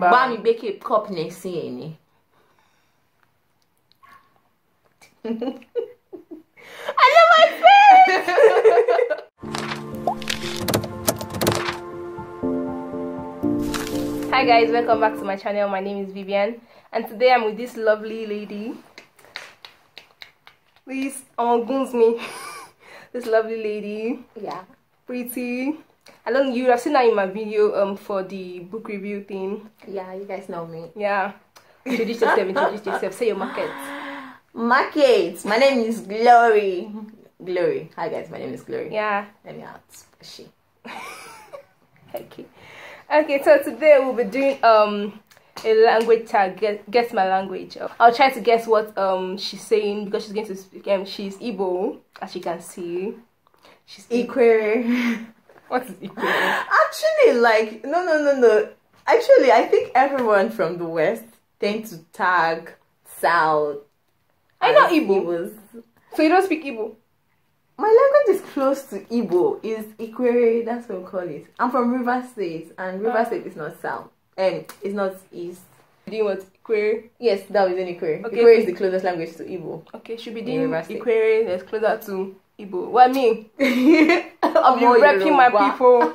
bá mi gbé cup ní sí ni. I love my face. Hi guys, welcome back to my channel. My name is Vivian and today I'm with this lovely lady. Please, um, me. this lovely lady. Yeah. Pretty. I don't you have seen that in my video um for the book review thing. Yeah, you guys know me. Yeah. Introduce yourself, introduce yourself. Say your market. Market. My name is Glory. Glory. Hi guys, my name is Glory. Yeah. Let me out. She. okay. Okay, so today we'll be doing um a language tag guess, guess, my language i'll try to guess what um she's saying because she's going to speak um she's Igbo as you can see she's Igbo What's Actually, like no, no, no, no. Actually, I think everyone from the West tend to tag South. I know Igbo. Igbos. So you don't speak Igbo. My language is close to Igbo. Is Ikwere? That's what we call it. I'm from River State, and River ah. State is not South, and it's not East. Do you want Ikwere? Yes, that was in Ikwere. Okay. Ikwere is the closest language to Igbo. Okay, should be doing Ikwere. That's closer to Igbo. Well, me. I'll be repping my people.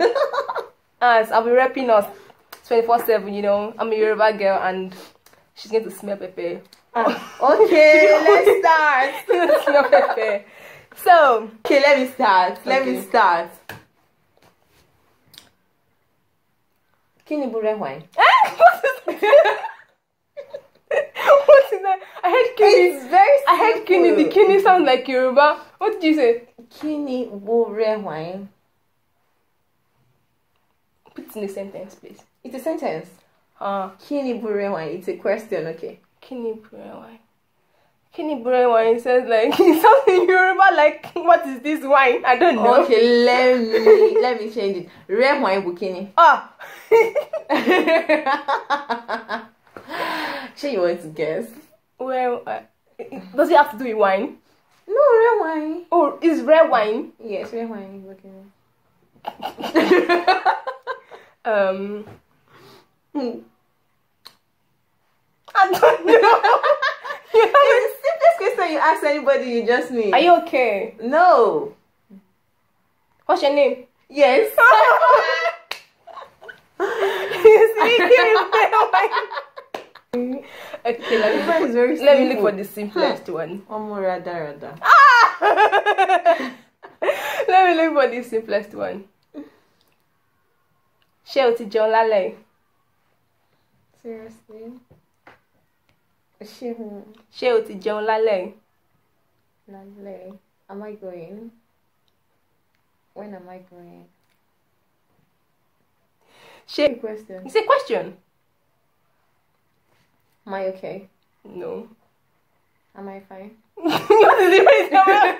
As I'll be repping us 24 7, you know. I'm a Yoruba girl and she's going to smell Pepe. Uh, okay, let's start. smell pepper. So, okay, let me start. Let okay. me start. Kí ni bure wine? what is that? I heard kini. It's very I heard kini. The kini sounds like Yoruba. What did you say? Kini wine. Put in a sentence, please. It's a sentence. Uh, Kini wine. It's a question, okay? Kini wine. Kini wine it says like something you remember. like what is this wine? I don't know. Okay, let me let me change it. Rare wine bikini. Ah. Oh. She sure you want to guess? Well, uh, does it have to do with wine? No, red wine. Oh, is red wine? Yes, red wine. is Okay. um. Hmm. I don't know. you know if this question you ask anybody, you just me. Are you okay? No. What's your name? Yes. He's you see, okay, let me, very let me look for the simplest one. more, rada rada. Ah! let me look for the simplest one. Ṣé o John lálẹ́? Seriously? Ṣé o John Lalay, lálẹ́? Lálẹ́. Am I going? When am I going? Ṣé. a question. It's a question. Am I okay? No. Am I fine? what is it? Am I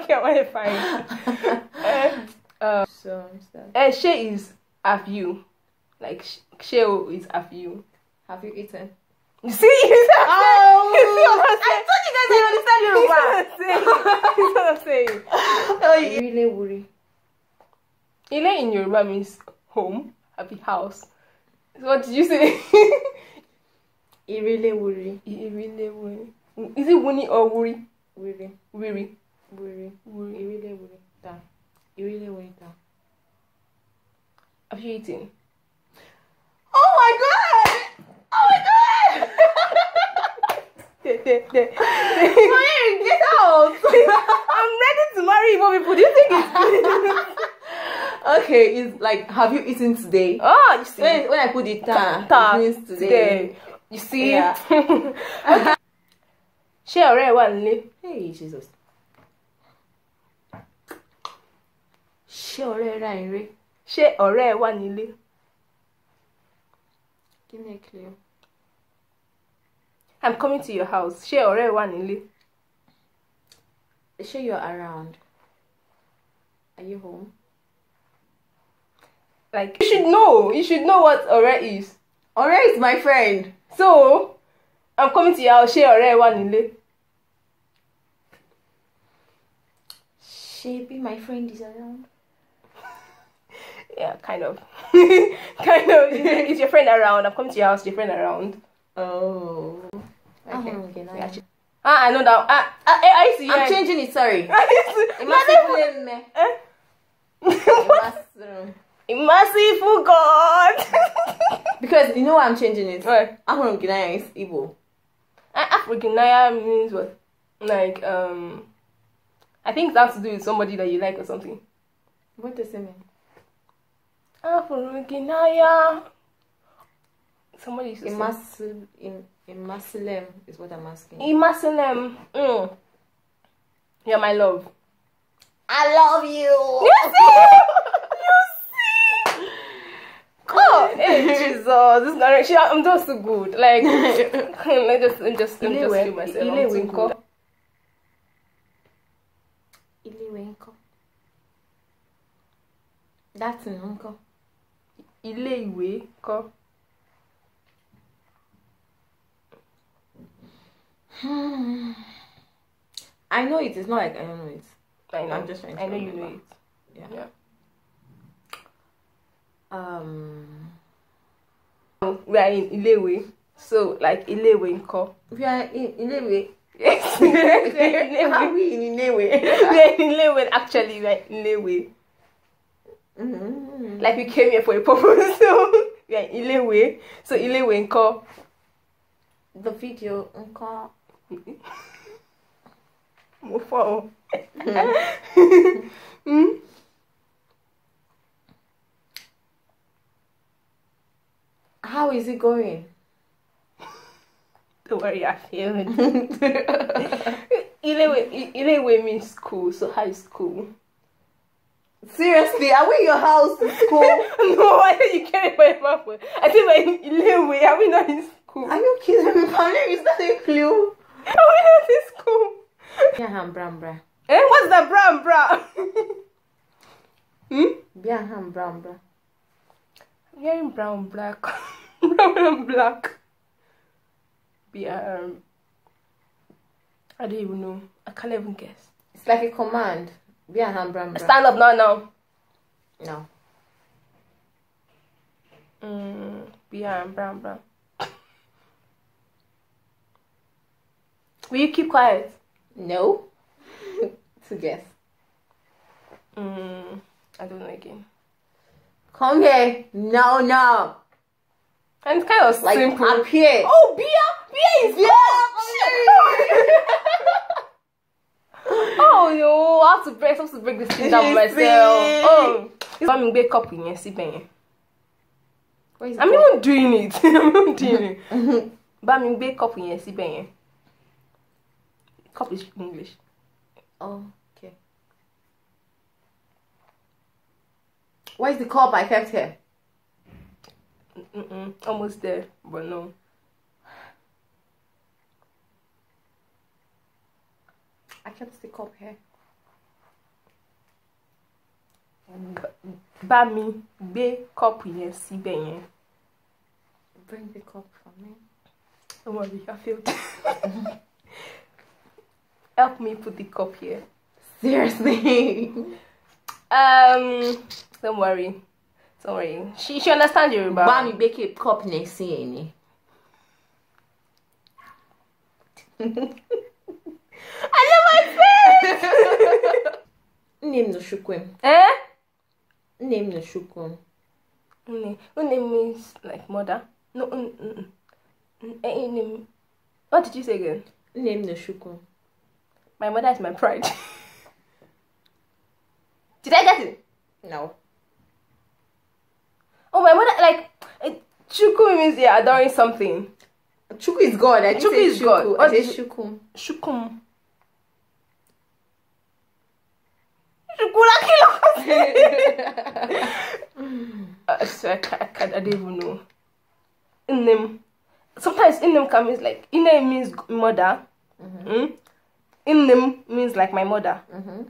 okay? Am I okay? Am I fine? uh, uh, so I'm sad. Uh, eh, she is have you. Like, she is have you. Have you eaten? You see, you see, oh, you see what I'm saying? I told you guys I understand you see what I'm saying? Oh, yeah. Ile wuri. Ile in Yoruba means home, happy house. What did you say? Irele wuri. Irele wuri. Is it wuni or wuri? Wuri. Wuri. Wuri. Wuri. Irele wuri. Da. Irele wuri da. Have you eaten? Oh my god! Oh my god! Soye, get out! I'm ready to marry evil people. Do you think it's okay it's like have you eaten today oh you see when, when i put the ta it means today, today. you see yeah. okay. ṣé hey jesus ṣé ọ̀rẹ́ ẹ ra ìrè ṣé ọ̀rẹ́ ẹ wà give me a clue i'm coming to your house ṣé ọ̀rẹ́ ẹ wà nílé you're around are you home. Like you should know. You should know what Ore is. Ore is my friend. So I'm coming to your house. Ṣé ọ̀rẹ́ in nílé? Ṣebí my friend is around. yeah, kind of. kind of. Is your friend around? i have come to your house. Your friend around. Oh. Okay. Oh, okay, Ah, I know that. Ah, ah, eh, I, see. I'm changing it. Sorry. I see. It must be me. Eh? merciful God. because you know why I'm changing it? Right, Afro Guinea is evil. Uh, Afro Guinea means what? Like, um, I think that's to do with somebody that you like or something. What does it mean? Afro Guinea. Somebody should Imas- say. In, Imasilem is what I'm asking. Imasilem. Mm. You're my love. I love you. You see? Jesus, this direction. I'm just so good. Like, I just, I'm just, I'm just feel myself. Ile Winko. Ile Winko. That's in Winko. Ile Winko. Hmm. I know it. It's not like I don't know it. I know. I'm just trying to. I know remember. you know it. Yeah. yeah. Um we are in Ilewe. So, like, Ilewe ńkọ́. We are in Ilewe. Yes. we are in Ilewe. we in Ilewe? we are in Ilewe, actually. We are in Ilewe. Mm-hmm. Like, we came here for a purpose. So, we are in Ilewe. So, Ilewe ńkọ́. The video ńkọ́. Mo fọ́ o. Mm. How is it going? Don't worry, I it. Ilewe, Ilewe means school, so high school. Seriously, are we in your house in school? no, I think you can't buy my phone. I think like Ilewe, are we not in school? Are you kidding me? Pamela, is that a clue? Are we not in school? Yeah, I'm brown, bra. Eh? What's the brown, bra? hmm? Yeah, I'm brown, bra. I'm hearing brown, black brown and black. But yeah, um, I don't even know. I can't even guess. It's like a command. Be a hand brown. Stand up now, now. No. Mm, be a hand brown, brown. Will you keep quiet? No. to guess. Mm, I don't know again. Come here. No, no. And it's kind of like simple. Up Oh, beer! Beer is beer! oh, yo, I have to break, I have to break this thing down myself. Oh, it's coming back up in I'm not doing it. I'm not doing it. Mm-hmm. But I'm back up in your sleeping. Cup is English. Oh, okay. Where's the cup I kept here? Mm -mm, almost there, but no. I can't stick up here. Bá mi gbé kọ́ọ̀pù yẹn síbẹ̀ yẹn. Bring the cup for me. Don't oh worry, I feel. Help me put the cup here. Seriously. um, don't worry. Sorry. She she understand Yoruba. Bá mi gbé cape cup next year ni. I love my face. Name no shukwem. Eh? Name no shukwem. Une. Une means like mother. No, un, un, un, un, eh, eh, What did you say again? Name no shukwem. My mother is my pride. did I get it? No. Oh my mother, like eh, Chuku means you're adoring something. Chuku is God. Eh? Chuku is God. I say Chuku. Chukum. Chukulakilo. I, can I don't even know. In them, Sometimes in them means like in them means mother. Mm-hmm. Mm? means like my mother. Mm-hmm.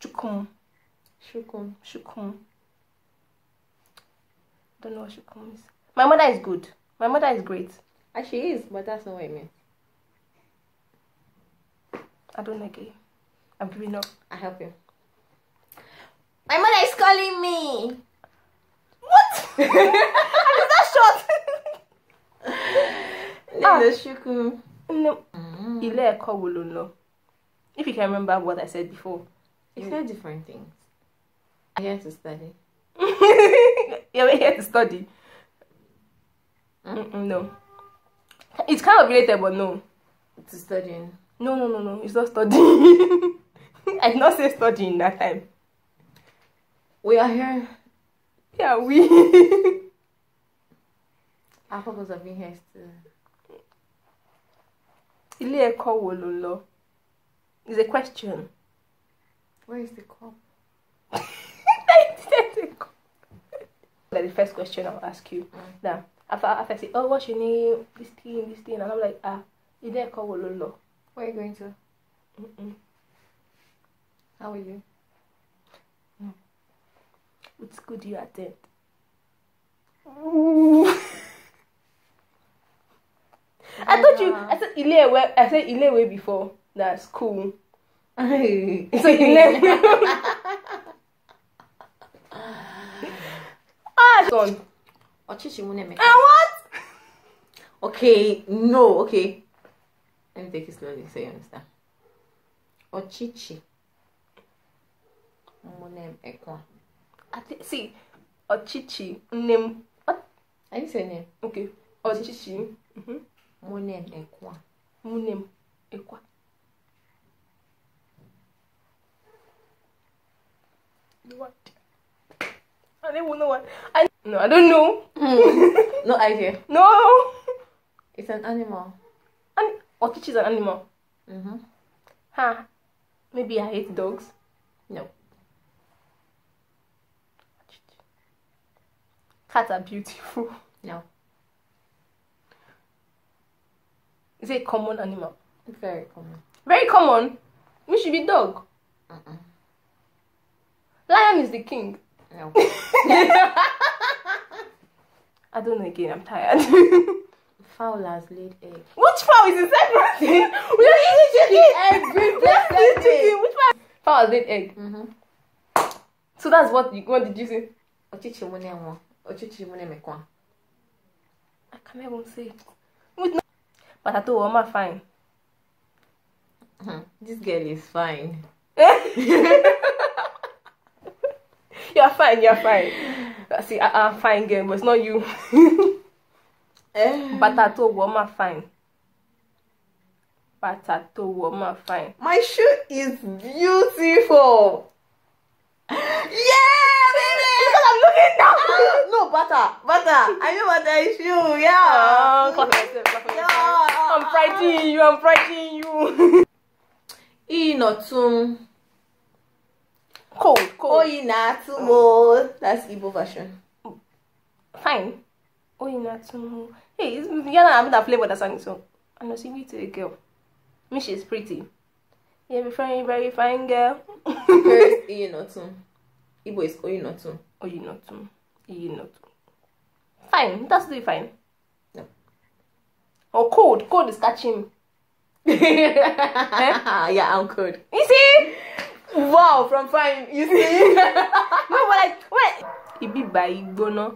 Chukum. Shukum. Shukum don't know what she comes. My mother is good. My mother is great. And ah, she is, but that's not what I mean. I don't like it. I'm giving up. I help you. My mother is calling me. What? that short? ah. No. Mm. If you can remember what I said before. It's very different things. I have to study. You're here to study. Mm-mm, no. It's kind of related, but no. To studying. No, no, no, no. It's not studying. I did not say studying that time. We are here. Yeah, we. Our purpose of being here is to. Ilé ẹ̀kọ́ wo ló lọ? It's a question. Where is the cup? like the first question I'll ask you. Mm. Now, after, after I say, oh, what's your name? This thing, this thing, and I'm like, ah, you there call Where are you going to? Mm-mm. How are you? Mm. What school do you attend? I told you. I said Ilewe. I said Ilewe before. That's cool. so Ilewe. done. Ochichi Munemeka. And what? Okay, no, okay. Let me take it slowly so you understand. Ochichi Munemeka. See, Ochichi Name What? I didn't say name. Okay. Ochichi Munemeka. Mhm. Munemeka. What? I don't know what. I no, I don't know. Mm. no idea. No. It's an animal. And Okichi oh, is an animal. Mm-hmm. Huh. Maybe I hate dogs. No. Cats are beautiful. No. Is it a common animal? Very common. Very common? We should be dog. Mm-mm. Lion is the king. I don't know again, I'm tired Fowl has laid egg Which fowl is inside your thing? We are eating chicken egg Fowl has laid egg mm-hmm. So that's what did you say? Oche che mounen mè kwa A kamè moun se Patato woma fayn This girl is fayn Eh? you're fine, you're fine. See, I, I'm fine, girl, but it's not you. eh. Bàtà tó wọ̀ fine. Bàtà tó wọ̀ ma fine. My shoe is beautiful. yeah, baby! Because I'm looking down. Uh, no, butter, butter. I know what is shoe, yeah. Oh, clap yourself, clap yourself. Yeah. I'm priding you, I'm priding you. Inotun. cold, cold. Oh, you not Oyinatumo. That's Igbo version. Fine. Oh, you not Oyinatumo. Hey, it's Yana I'm that flavor that song. so. And I'm singing to a girl. Me, she's pretty. Yeah, be very, very fine girl. not Oyinotun? Igbo is oh Oh you you not not Oyinotun. not Oyinotun. Fine. That's really fine. No. Or oh, cold. Cold is catching. eh? yeah, I'm cold. You see? wow from fine you see no but like wait ibi báyìí gbóná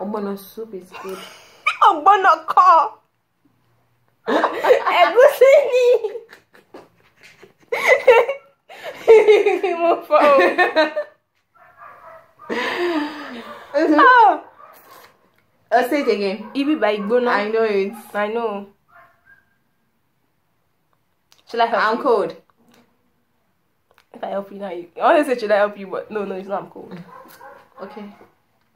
ogbono soup is good ogbono kọ́ ẹ̀gúsí ni mo fọ o. oh. I'll say it again. Ibi báyìí gbóná. I know it. I know. I help I'm you? cold. If I help you now, you. I say, should I help you? But no, no, it's not. I'm cold. Okay.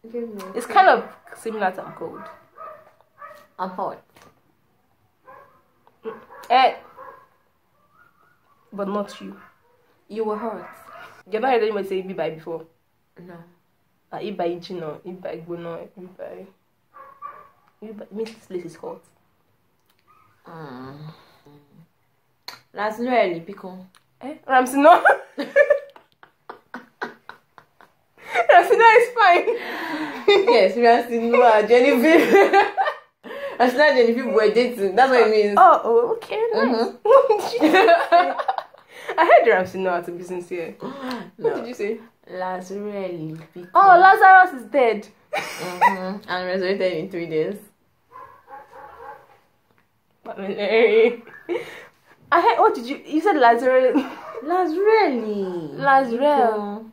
okay it's kind of similar to I'm cold. I'm hot. Eh. But not you. You were hot. You've not heard anybody say Ibai before? No. Uh, ah, Ibai Jino, Ibai Gbono, Ibai. You, Means this place is hot. Mm. Ramsino è lipico. Eh? Ramsino? Ramsino is fine. yes, Ramsino, Genevieve. Ramsino and ah, Genevieve were dating. That's what it means. Oh, oh okay. Nice. Mm-hmm. I heard Ramsino, to be sincere. No. What did you say? Lazarelli. Because... Oh, Lazarus is dead. mm-hmm. And resurrected in three days. But eh, eh, eh. I heard. What oh, did you? You said Lazarelli. Lazarelli. Lazarel. Oh.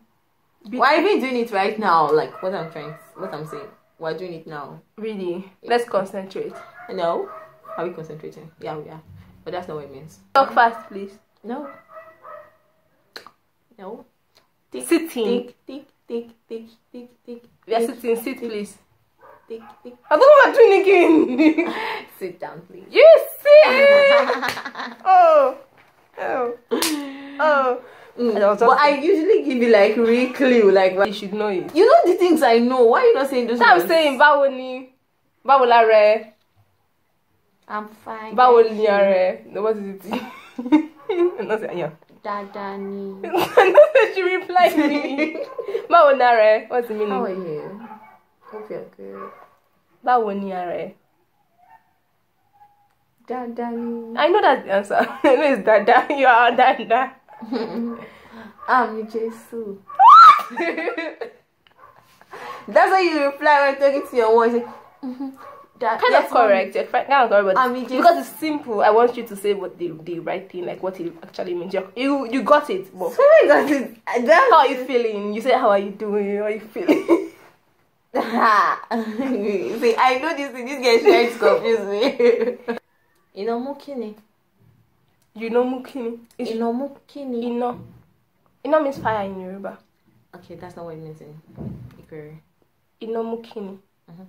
Why are we doing it right now? Like what I'm trying, what I'm saying. We're doing it now. Really? Yeah. Let's concentrate. No. Are we concentrating? Yeah, we are. But that's not what it means. Talk fast, please. No. No. Tick, sitting. Tick, tick, tick, tick, tick, tick. We are sitting. Sit, tick, please. Tick, tick. I don't know what I'm doing again. Sit down, please. Yes. see. oh, oh, oh. Mm. But I usually give you like real clue, like you should know it. You know the things I know. Why are you not saying those? I'm saying báwo ni, re. I'm fine. Báwo are. No, what is it? no, say yeah. Dada ni. no, she replied me. báwo ni What's the meaning? How are you? Hope you're good. Báwo are. I know that the answer. I know it's Dada. You are Dada. I'm Jesus. That's why you reply when talking to your wife. Mm-hmm. That, kind of correct. you kind of correct, but I mean, because it's simple, I want you to say what the, the right thing, like what it actually means. You're, you you got it, but so I got it. That's how are you feeling? You say how are you doing? How are you feeling? See, I know this This guy is trying to confuse me. Iná mú kíni? You know mú kíni? Iná mú kíni? Iná. Iná means fire in Yoruba. Okay, that's not what it means in Igbo. Iná mú kíni? mm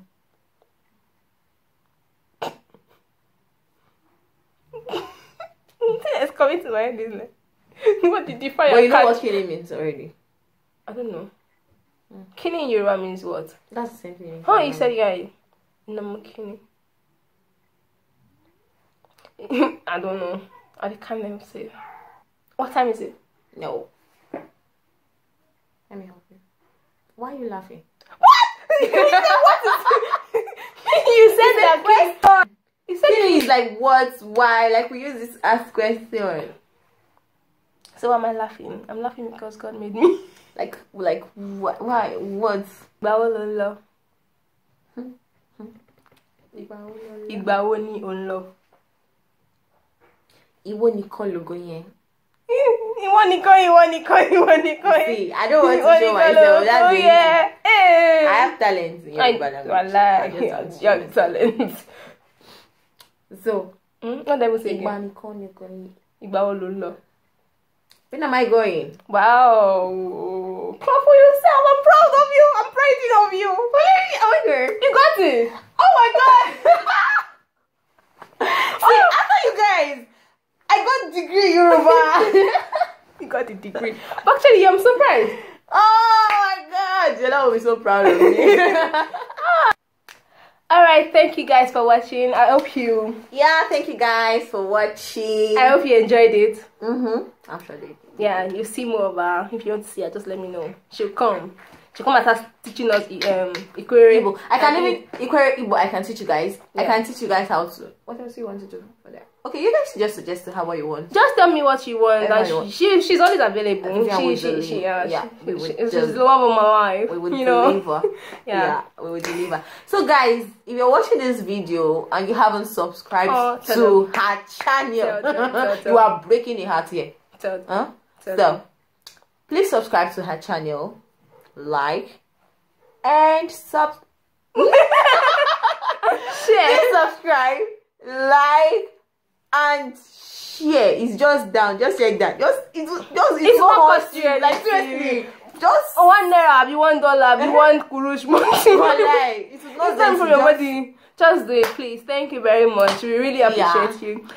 it's coming to my head, isn't it? what did the fire Well, you know what kini means already. I don't know. Mm. Kini in Yoruba means what? That's the same thing. Huh, you said, yeah, no, I don't know. I can't even say. What time is it? No. Let me help you. Why are you laughing? What? you said what is You said that question. You said Silly like what, why, like we use this ask question. So why am I laughing? I'm laughing because God made me. Like, like wh why, what? Hmm? Hmm? Igbawo ni o n love. Igbawo ni o n love. ìwọ nìkan lògo yẹn. ìwọ nìkan ìwọ nìkan ìwọ nìkan. see i don't want to show myself that's the yeah. Eh. i have talent in Yoruba i just have talent. so. wọ́n dẹ́gbẹ́ sí ìgbà nìkan nìkan yìí. ìgbà wo ló ń lọ. When am I going? Wow. Clap for yourself. I'm proud of you. I'm proud of you. Oh my god. You got it. Oh my god. See, oh. after you guys. I got degree Yoruba. you got the degree. But actually, I'm surprised. Oh my god, Jella will be so proud of me. Ah. Alright, thank you guys for watching. I hope you Yeah, thank you guys for watching. I hope you enjoyed it. Mm-hmm. Actually. Yeah, you see more of her. If you want to see her, just let me know. She'll come. She'll come and start teaching us um Ikwere. Igbo. I can even I can teach you guys. Yeah. I can teach you guys how to what else do you want to do for that? Okay, you guys just suggest to her what you want. Just tell me what she wants, Like she, want. she, she's always available. She, she, she, yeah, yeah she, she, she's the love of my life. We would you deliver. Know? yeah. yeah, we would deliver. So guys, if you're watching this video and you haven't subscribed oh, to them. her channel, tell, tell, tell, you are breaking your heart here. Huh? So, please subscribe to her channel, like, and sub. share, please subscribe, like and share it's just down just like that just it just it's it no cost you like seriously just oh, one naira abi one dollar abi uh-huh. one kurush money walai it is not time for your body just do it please thank you very much we really appreciate yeah. you